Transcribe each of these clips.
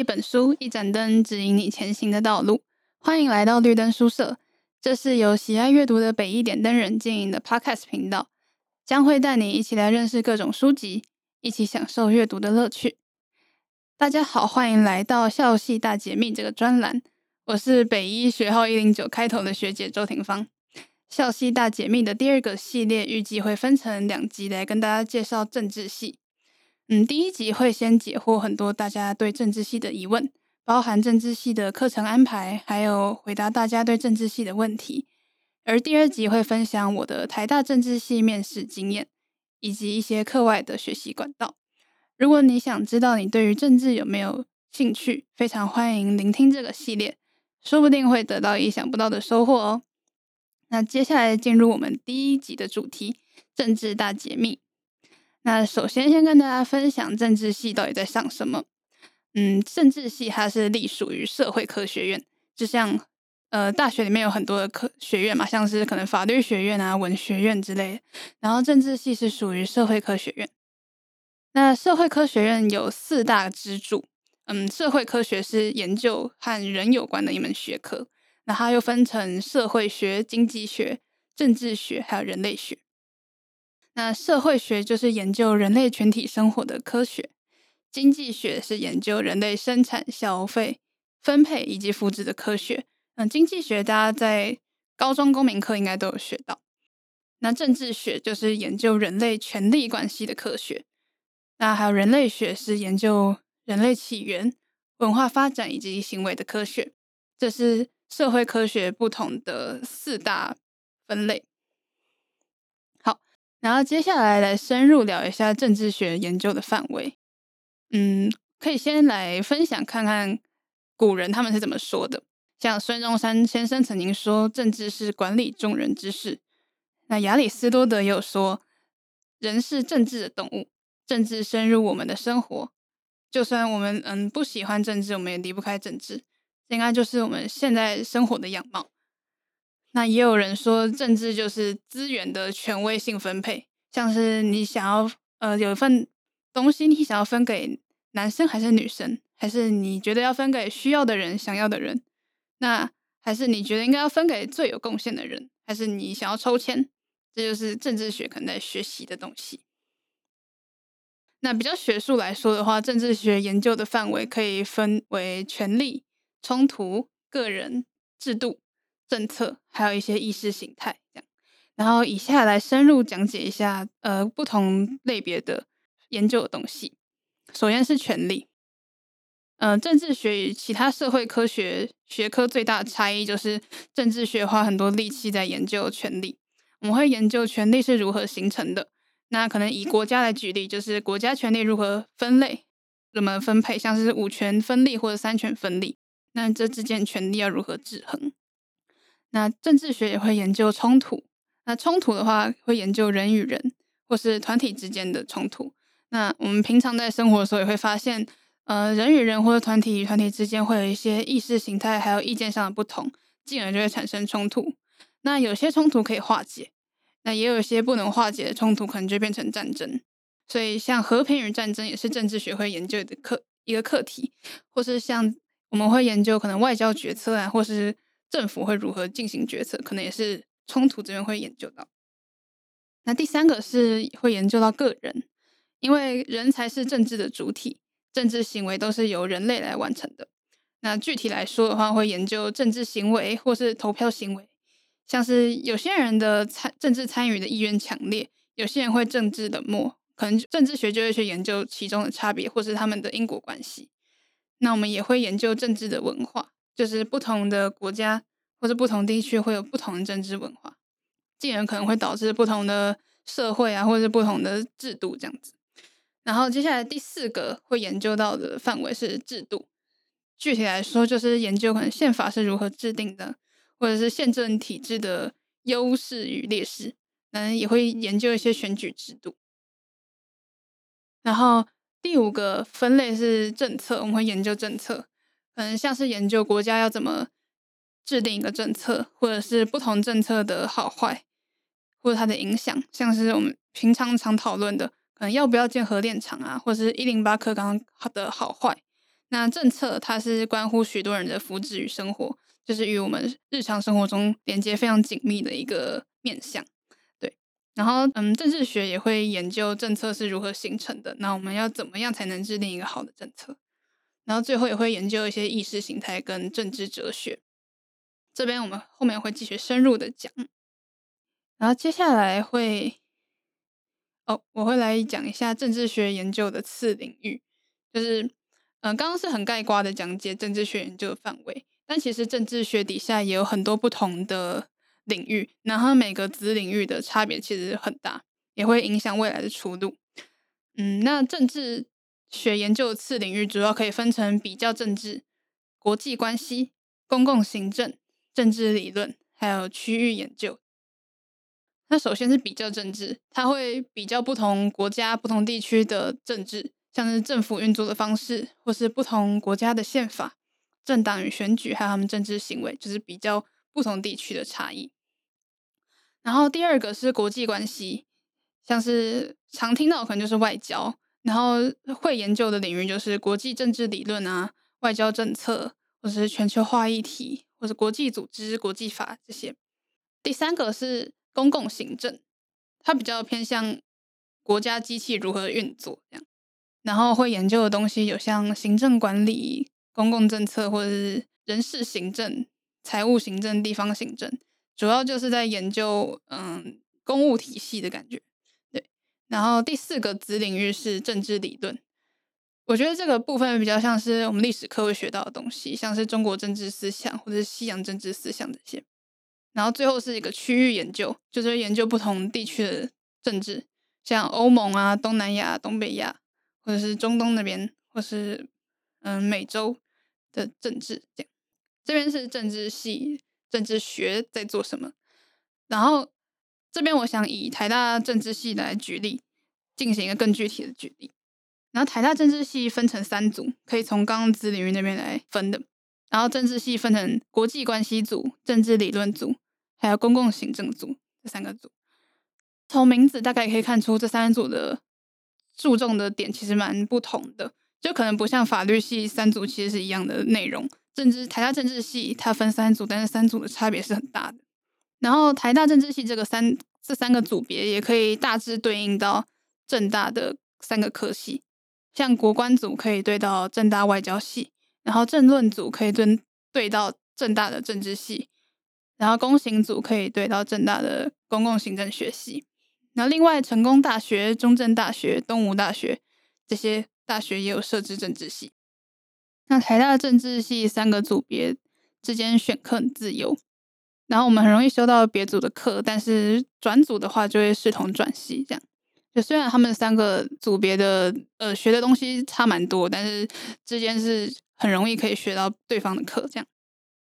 一本書，一盞燈，指引你前行的道路。歡迎來到綠燈書社，這是由喜愛閱讀的北一點燈人經營的 Podcast 頻道，將會帶你一起來認識各種書籍，一起享受閱讀的樂趣。大家好，歡迎來到校系大解密這個專欄，我是北一學號一零九開頭的學姐周廷芳。校系大解密的第二個系列預計會分成兩集來跟大家介紹政治系。嗯，第一集會先解惑很多大家對政治系的疑問，包含政治系的課程安排，還有回答大家對政治系的問題。而第二集會分享我的台大政治系面試經驗，以及一些課外的學習管道。如果你想知道你對於政治有沒有興趣，非常歡迎聆聽這個系列，說不定會得到意想不到的收穫哦。那接下來進入我們第一集的主題，政治大解密。那首先，先跟大家分享政治系到底在上什麼。嗯，政治系它是隸屬於社會科學院，就像呃大學裡面有很多的科學院嘛，像是可能法律學院啊、文學院之類的。然後政治系是屬於社會科學院。那社會科學院有四大支柱。嗯，社會科學是研究和人有關的一門學科，那它又分成社會學、經濟學、政治學還有人類學。那社會學就是研究人類群體生活的科學，經濟學是研究人類生產、消費、分配以及福祉的科學。嗯，經濟學大家在高中公民課應該都有學到。那政治學就是研究人類權力關係的科學。那還有人類學是研究人類起源、文化發展以及行為的科學。這是社會科學不同的四大分類。然後接下來來深入聊一下政治學研究的範圍。嗯，可以先來分享看看古人他們是怎麼說的。像孫中山先生曾經說：“政治是管理眾人之事。”那亞里士多德又說：“人是政治的動物，政治深入我們的生活。就算我們嗯不喜歡政治，我們也離不開政治。應該就是我們現在生活的樣貌。”那也有人說，政治就是資源的權威性分配。像是你想要，呃，有一份東西，你想要分給男生還是女生，還是你覺得要分給需要的人、想要的人？那還是你覺得應該要分給最有貢獻的人？還是你想要抽籤？這就是政治學可能在學習的東西。那比較學術來說的話，政治學研究的範圍可以分為權力、衝突、個人、制度。政策還有一些意識形態這樣，然後以下來深入講解一下呃，不同類別的研究的東西。首先是權力。嗯、呃，政治學與其他社會科學學科最大的差異就是政治學花很多力氣在研究權力。我們會研究權力是如何形成的。那可能以國家來舉例，就是國家權力如何分類、怎麼分配，像是五權分立或者三權分立。那這之間權力要如何制衡？那政治學也會研究衝突。那衝突的話，會研究人與人或是團體之間的衝突。那我們平常在生活的時候也會發現，呃，人與人或者團體與團體之間會有一些意識形態還有意見上的不同，進而就會產生衝突。那有些衝突可以化解，那也有些不能化解的衝突，可能就變成戰爭。所以，像和平與戰爭也是政治學會研究的課一個課題，或是像我們會研究可能外交決策啊，或是。政府會如何進行決策，可能也是衝突這邊會研究到。那第三個是會研究到個人，因為人才是政治的主體，政治行為都是由人類來完成的。那具體來說的話，會研究政治行為或是投票行為，像是有些人的參政治參與的意願強烈，有些人會政治冷漠，可能政治學就會去研究其中的差別或是他們的因果關係。那我們也會研究政治的文化，就是不同的國家，或者不同地區會有不同的政治文化，進而可能會導致不同的社會啊，或者是不同的制度這樣子。然後接下來第四個會研究到的範圍是制度，具體來說就是研究可能憲法是如何制定的，或者是憲政體制的優勢與劣勢。嗯，也會研究一些選舉制度。然後第五個分類是政策，我們會研究政策，嗯，像是研究國家要怎麼，制定一個政策，或者是不同政策的好壞，或者它的影響，像是我們平常常討論的，可能，嗯，要不要建核電廠啊，或者是一零八課綱的好壞。那政策它是關乎許多人的福祉與生活，就是與我們日常生活中連接非常緊密的一個面向。對，然後嗯，政治學也會研究政策是如何形成的，那我們要怎麼樣才能制定一個好的政策？然後最後也會研究一些意識形態跟政治哲學。這邊我們後面會繼續深入的講，然後接下來會，哦，我會來講一下政治學研究的次領域，就是，嗯、呃，剛剛是很概括的講解政治學研究的範圍，但其實政治學底下也有很多不同的領域，然後每個子領域的差別其實很大，也會影響未來的出路。嗯，那政治學研究次領域主要可以分成比較政治、國際關係、公共行政、政治理論還有區域研究。那首先是比較政治，它會比較不同國家、不同地區的政治，像是政府運作的方式，或是不同國家的憲法、政黨與選舉，還有他們政治行為，就是比較不同地區的差異。然後第二個是國際關係，像是常聽到可能就是外交，然後會研究的領域就是國際政治理論啊、外交政策，或者是全球化議題。或者國際組織、國際法這些。第三個是公共行政，它比較偏向國家機器如何運作這樣，然後會研究的東西有像行政管理、公共政策或者是人事行政、財務行政、地方行政，主要就是在研究嗯公務體系的感覺。對，然後第四個子領域是政治理論。我覺得這個部分比較像是我們歷史課會學到的東西，像是中國政治思想或者是西洋政治思想這些。然後最後是一個區域研究，就是會研究不同地區的政治，像歐盟啊、東南亞、啊、東北亞或者是中東那邊，或者是嗯、呃、美洲的政治這樣。這邊是政治系政治學在做什麼？然後這邊我想以台大政治系來舉例，進行一個更具體的舉例。然後台大政治系分成三組，可以從剛剛子領域那邊來分的。然後政治系分成國際關係組、政治理論組，還有公共行政組這三個組。從名字大概可以看出，這三組的注重的點其實蠻不同的，就可能不像法律系三組其實是一樣的內容。政治台大政治系它分三組，但是三組的差別是很大的。然後台大政治系這個三這三個組別也可以大致對應到政大的三個科系。像國關組可以對到政大外交系，然後政論組可以對對到政大的政治系，然後公行組可以對到政大的公共行政學系。然後另外成功大學、中正大學、東吳大學這些大學也有設置政治系。那台大的政治系三個組別之間選課很自由，然後我們很容易修到別組的課，但是轉組的話就會視同轉系這樣。就雖然他們三個組別的呃學的東西差蠻多，但是之間是很容易可以學到對方的課，這樣。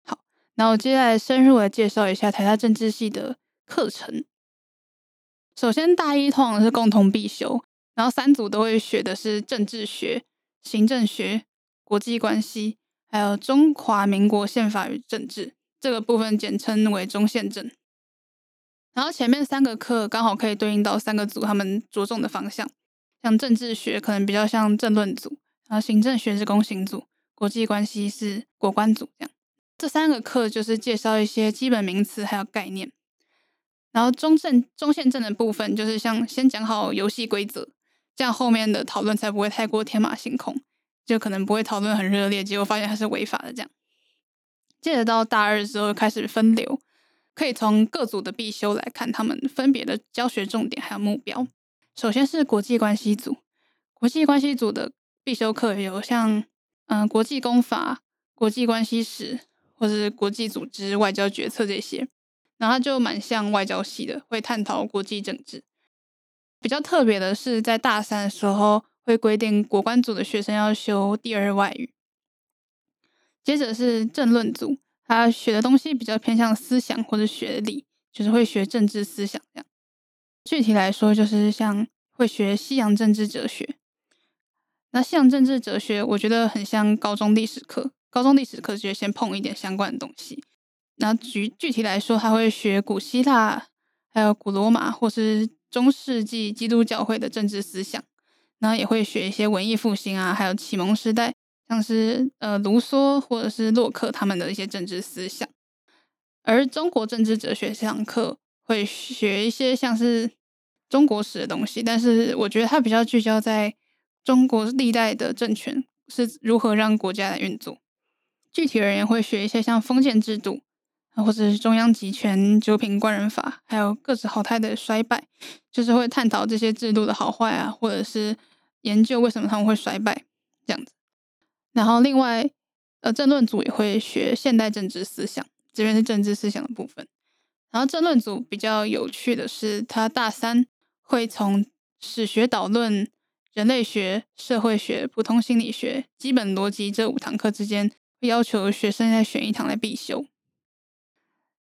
好，那我接下來深入來介紹一下台大政治系的課程。首先，大一通常是共同必修，然後三組都會學的是政治學、行政學、國際關係，還有中華民國憲法與政治，這個部分簡稱為中憲政。然後前面三個課剛好可以對應到三個組他們着重的方向，像政治學可能比較像政論組，然後行政學是公行組，國際關係是國關組這樣。這三個課就是介紹一些基本名詞還有概念。然後中政中憲政的部分就是像先講好遊戲規則，這樣後面的討論才不會太過天馬行空，就可能不會討論很熱烈，結果發現它是違法的這樣。接着到大二的時候開始分流。可以從各組的必修來看，他們分別的教學重點還有目標。首先是國際關係組，國際關係組的必修課有像嗯、呃、國際公法、國際關係史，或是國際組織、外交決策這些。然後就蠻像外交系的，會探討國際政治。比較特別的是，在大三的時候會規定國關組的學生要修第二外語。接着是政論組。他學的東西比較偏向思想或者學理，就是會學政治思想這樣。具體來說，就是像會學西洋政治哲學。那西洋政治哲學，我覺得很像高中歷史課。高中歷史課就先碰一點相關的東西。那具具體來說，他會學古希臘，還有古羅馬，或是中世紀基督教會的政治思想。然後也會學一些文藝復興啊，還有啟蒙時代。像是呃，盧梭或者是洛克他們的一些政治思想，而中國政治哲學這堂課會學一些像是中國史的東西，但是我覺得它比較聚焦在中國歷代的政權是如何讓國家來運作。具體而言，會學一些像封建制度啊，或者是中央集權、九品官人法，還有各自豪太的衰敗，就是會探討這些制度的好壞啊，或者是研究為什麼他們會衰敗這樣子。然後，另外，呃，政論組也會學現代政治思想，這邊是政治思想的部分。然後，政論組比較有趣的是，他大三會從史學導論、人類學、社會學、普通心理學、基本邏輯這五堂課之間會要求學生來選一堂來必修。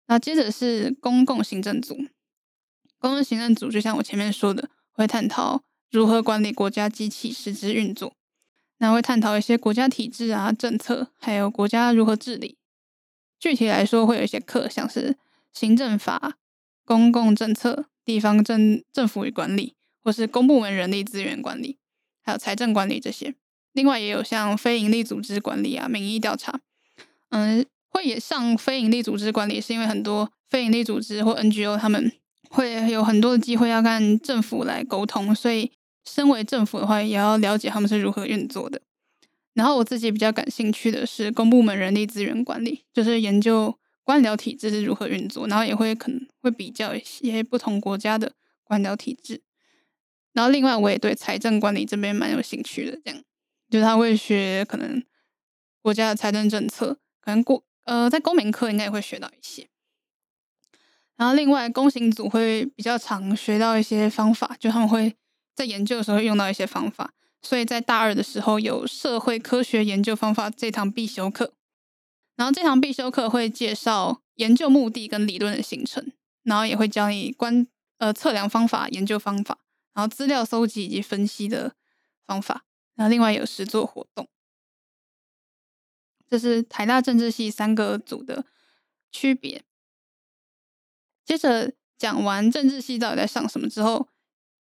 然後，接着是公共行政組，公共行政組就像我前面說的，會探討如何管理國家機器，使之運作。那會探討一些國家體制啊、政策，還有國家如何治理。具體來說，會有一些課，像是行政法、公共政策、地方政政府與管理，或是公部門人力資源管理，還有財政管理這些。另外，也有像非營利組織管理啊、民意調查。嗯，會也上非營利組織管理，是因為很多非營利組織或 NGO 他們會有很多的機會要跟政府來溝通，所以。身為政府的話，也要了解他們是如何運作的。然後我自己比較感興趣的是公部門人力資源管理，就是研究官僚體制是如何運作，然後也會可能會比較一些不同國家的官僚體制。然後另外我也對財政管理這邊蠻有興趣的，這樣就他會學可能國家的財政政策，可能過，呃，在公民課應該也會學到一些。然後另外公行組會比較常學到一些方法，就他們會。在研究的時候會用到一些方法，所以在大二的時候有社會科學研究方法這堂必修課。然後這堂必修課會介紹研究目的跟理論的形成，然後也會教你觀，呃，測量方法、研究方法，然後資料蒐集以及分析的方法。然後另外有實作活動，這是台大政治系三個組的區別。接着講完政治系到底在上什麼之後。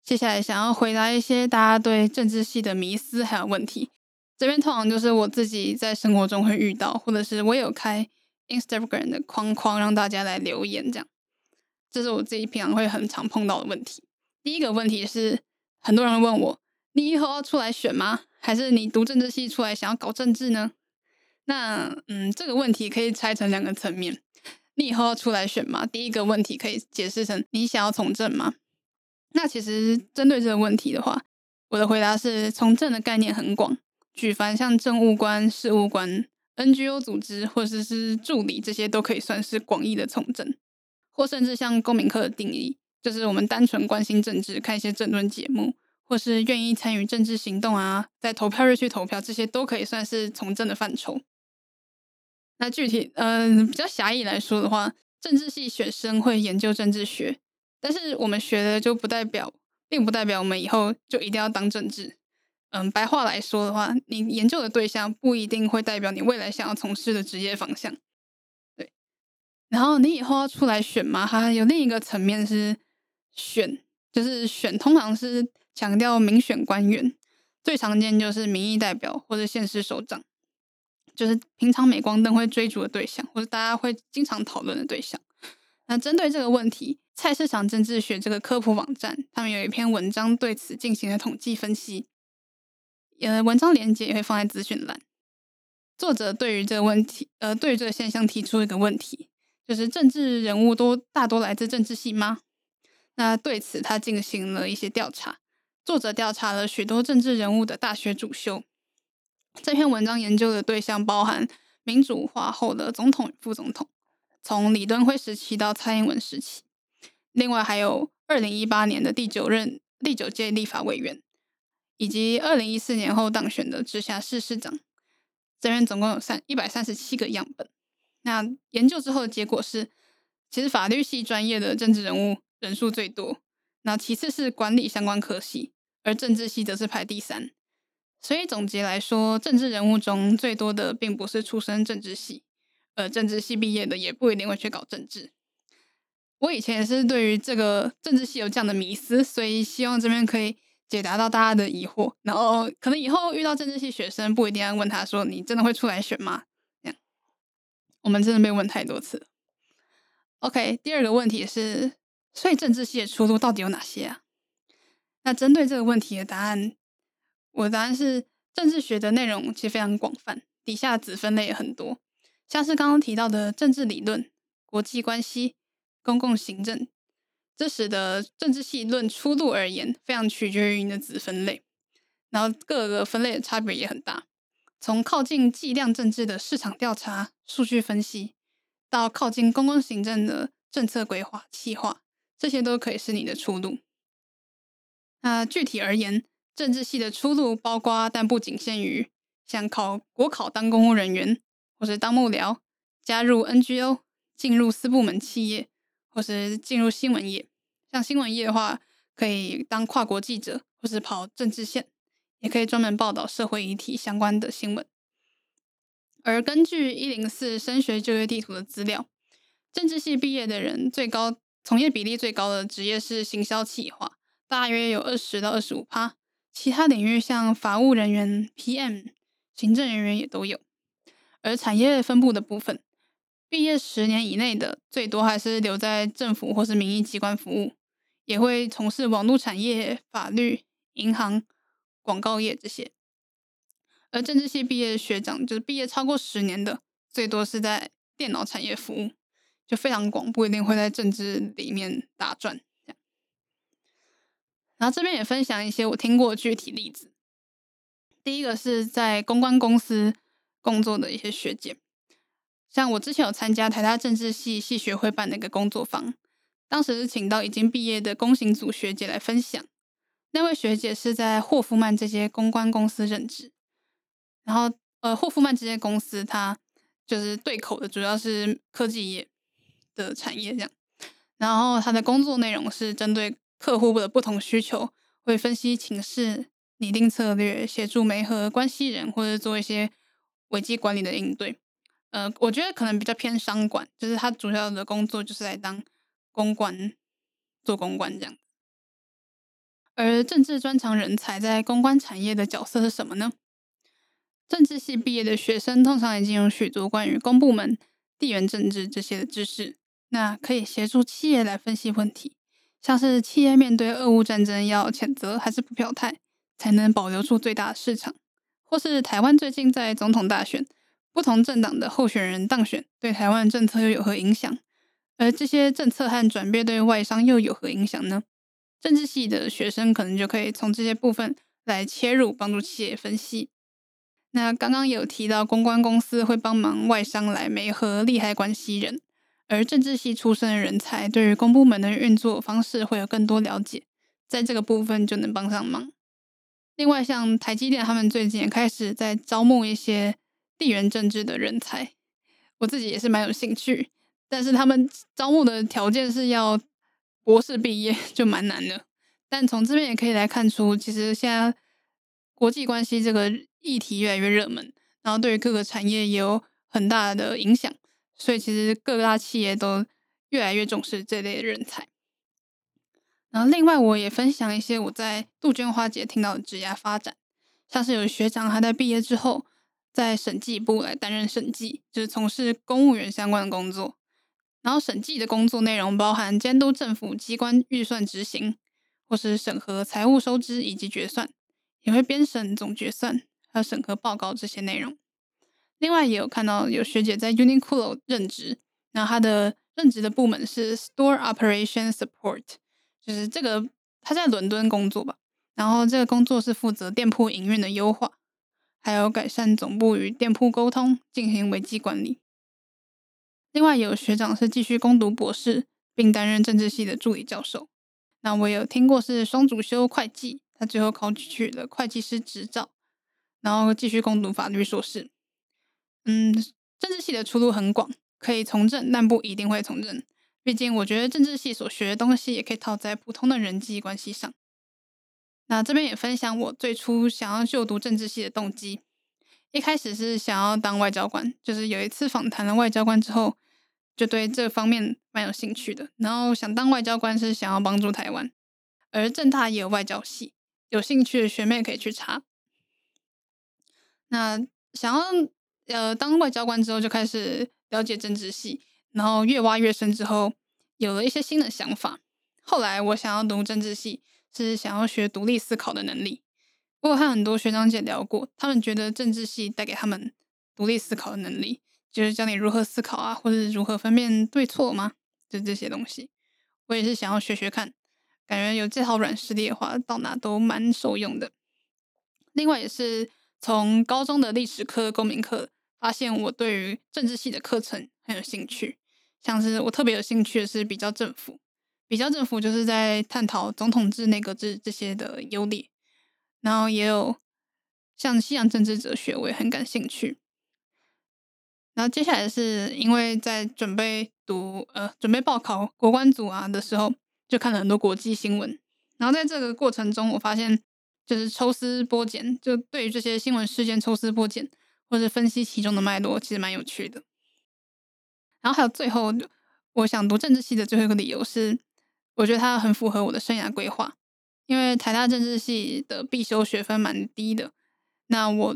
接下來想要回答一些大家對政治系的迷思還有問題，這邊通常就是我自己在生活中會遇到，或者是我有開 Instagram 的框框，讓大家來留言，這樣。這是我自己平常會很常碰到的問題。第一個問題是，很多人問我，你以後要出來選嗎？還是你讀政治系出來想要搞政治呢？那，嗯，這個問題可以拆成兩個層面。你以後要出來選嗎？第一個問題可以解釋成，你想要從政嗎？那其實針對這個問題的話，我的回答是從政的概念很廣，舉凡像政務官、事務官、NGO 組織，或者是是助理這些，都可以算是廣義的從政。或甚至像公民課的定義，就是我們單純關心政治，看一些政論節目，或是願意參與政治行動啊，在投票日去投票，這些都可以算是從政的範疇。那具體呃比較狹義來說的話，政治系學生會研究政治學。.但是我們學的就不代表，並不代表我們以後就一定要當政治。嗯，白話來說的話，你研究的對象不一定會代表你未來想要從事的職業方向。對，然後你以後要出來選嘛？它有另一個層面是選，就是選，通常是強調民選官員，最常見就是民意代表或者縣市首長，就是平常鎂光燈會追逐的對象，或者大家會經常討論的對象。那針對這個問題。菜市場政治學這個科普網站，他們有一篇文章對此進行了統計分析。呃，文章連結也會放在資訊欄。作者對於這個問題，呃，對於這個現象提出一個問題，就是政治人物都大多來自政治系嗎？那對此他進行了一些調查。作者調查了許多政治人物的大學主修。這篇文章研究的對象包含民主化後的總統、與副總統，從李登輝時期到蔡英文時期。另外還有二零一八年的第九任第九屆立法委員，以及二零一四年後當選的直轄市市長，這邊總共有三一百三十七個樣本。那研究之後的結果是，其實法律系專業的政治人物人數最多，那其次是管理相關科系，而政治系則是排第三。所以總結來說，政治人物中最多的並不是出身政治系，而政治系畢業的也不一定會去搞政治。我以前也是對於這個政治系有這樣的迷思，所以希望這邊可以解答到大家的疑惑。然後可能以後遇到政治系學生，不一定要問他說：“你真的會出來選嗎？”這樣，我們真的被問太多次。OK，第二個問題是：所以政治系的出路到底有哪些啊？那針對這個問題的答案，我的答案是：政治學的內容其實非常廣泛，底下子分類也很多，像是剛剛提到的政治理論、國際關係。公共行政，這使得政治系論出路而言，非常取決於你的子分類。然後各個分類的差別也很大，從靠近計量政治的市場調查、數據分析，到靠近公共行政的政策規劃、企劃，這些都可以是你的出路。那具體而言，政治系的出路包括，但不僅限於像考國考當公務人員，或是當幕僚，加入 NGO，進入私部門企業。或是進入新聞業，像新聞業的話，可以當跨國記者，或是跑政治線，也可以專門報道社會議題相關的新聞。而根據一零四升學就業地圖的資料，政治系畢業的人最高從業比例最高的職業是行銷企劃，大約有二十到二十五趴。其他領域像法務人員、PM、行政人員也都有。而產業分布的部分，畢業十年以內的，最多還是留在政府或是民意機關服務，也會從事網絡產業、法律、銀行、廣告業這些。而政治系畢業的學長，就是畢業超過十年的，最多是在電腦產業服務，就非常廣，不一定會在政治裡面打轉。然後這邊也分享一些我聽過具體例子。第一個是在公關公司工作的一些學姐。像我之前有參加台大政治系系學會辦的一個工作坊，當時是請到已經畢業的公行組學姐來分享。那位學姐是在霍夫曼這些公關公司任職，然後呃，霍夫曼這些公司它就是對口的，主要是科技業的產業這樣。然後他的工作內容是針對客戶的不同需求，會分析情勢，擬定策略，協助媒和關係人，或者做一些危機管理的應對。呃，我覺得可能比較偏商管，就是他主要的工作就是來當公關，做公關這樣。而政治專長人才在公關產業的角色是什麼呢？政治系畢業的學生通常已經有許多關於公部門、地緣政治這些的知識，那可以協助企業來分析問題，像是企業面對俄烏戰爭要譴責還是不表態，才能保留住最大的市場，或是台灣最近在總統大選。不同政黨的候選人當選，對台灣政策又有何影響？而這些政策和轉變對外商又有何影響呢？政治系的學生可能就可以從這些部分來切入，幫助企業分析。那剛剛有提到公關公司會幫忙外商來媒合利害關係人，而政治系出身的人才對於公部門的運作方式會有更多了解，在這個部分就能幫上忙。另外，像台積電他們最近也開始在招募一些。地緣政治的人才，我自己也是蠻有興趣，但是他們招募的條件是要博士畢業，就蠻難的。但從這邊也可以來看出，其實現在國際關係這個議題越來越熱門，然後對於各個產業也有很大的影響，所以其實各大企業都越來越重視這類人才。然後，另外我也分享一些我在杜鵑花節聽到的職涯發展，像是有學長他在畢業之後，在審計部來擔任審計，就是從事公務員相關的工作。然後審計的工作內容包含監督政府機關預算執行，或是審核財務收支以及決算，也會編審總決算還有審核報告這些內容。另外，也有看到有學姐在 Uniqlo 任職，那她的任職的部門是 Store Operation Support，就是這個她在倫敦工作吧，然後這個工作是負責店鋪營運的優化。還有改善總部與店鋪溝通，進行危機管理。另外，有學長是繼續攻讀博士，並擔任政治系的助理教授。那我有聽過是雙主修會計，他最後考取了會計師執照，然後繼續攻讀法律碩士。嗯，政治系的出路很廣，可以從政，但不一定會從政。畢竟，我覺得政治系所學的東西也可以套在普通的人際關係上。那、啊、這邊也分享我最初想要就讀政治系的動機。一開始是想要當外交官，就是有一次訪談了外交官之後，就對這方面蠻有興趣的。然後想當外交官是想要幫助台灣，而政大也有外交系，有興趣的學妹可以去查。那想要呃當外交官之後，就開始了解政治系，然後越挖越深之後，有了一些新的想法。後來我想要讀政治系。是想要學獨立思考的能力。我有和很多學長姐聊過，他們覺得政治系帶給他們獨立思考的能力，就是教你如何思考啊，或是如何分辨對錯嘛。就這些東西，我也是想要學學看。感覺有這套軟實力的話，到哪都蠻受用的。另外，也是從高中的歷史課、公民課，發現我對於政治系的課程很有興趣。像是我特別有興趣的是比較政府。比較政府就是在探討總統制、內閣制這些的優劣，然後也有像西洋政治哲學，我也很感興趣。然後接下來是因為在準備讀呃準備報考國關組啊的時候，就看了很多國際新聞。然後在這個過程中，我發現就是抽絲剝繭，就對於這些新聞事件抽絲剝繭或是分析其中的脈絡，其實蠻有趣的。然後還有最後，我想讀政治系的最後一個理由是，我覺得它很符合我的生涯規劃，因為台大政治系的必修學分蠻低的。那我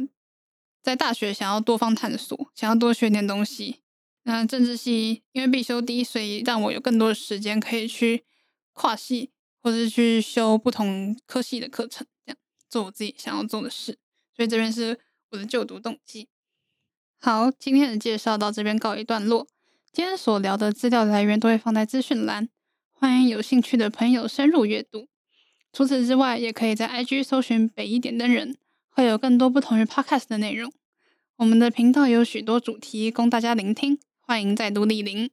在大學想要多方探索，想要多學點東西。那政治系因為必修低，所以讓我有更多的時間可以去跨系，或者去修不同科系的課程，這樣做我自己想要做的事。所以這邊是我的就讀動機。好，今天的介紹到這邊告一段落。今天所聊的資料來源都會放在資訊欄。歡迎有興趣的朋友深入閱讀。除此之外，也可以在 IG 搜尋“北一點的人”，會有更多不同於 Podcast 的內容。我們的頻道有許多主題供大家聆聽，歡迎再度蒞臨。